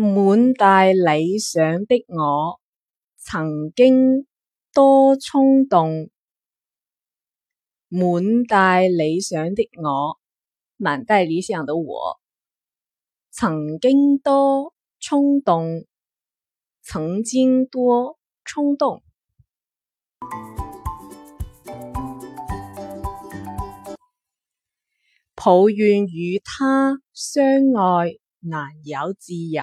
滿帶理想的我，曾經多衝動；滿帶理想的我，滿帶理想的我，曾經多衝動，曾經多衝動，抱怨與她相愛難有自由。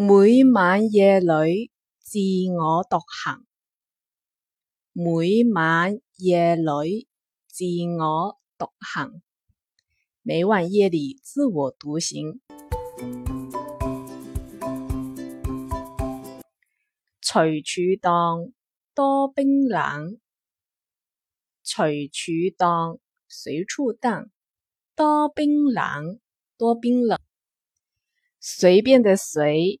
每晚夜裏自我獨行，每晚夜裏自我獨行，每晚夜裏自我獨行，隨處蕩多冰冷，隨處蕩，隨處蕩多冰冷，多冰冷，隨便的隨。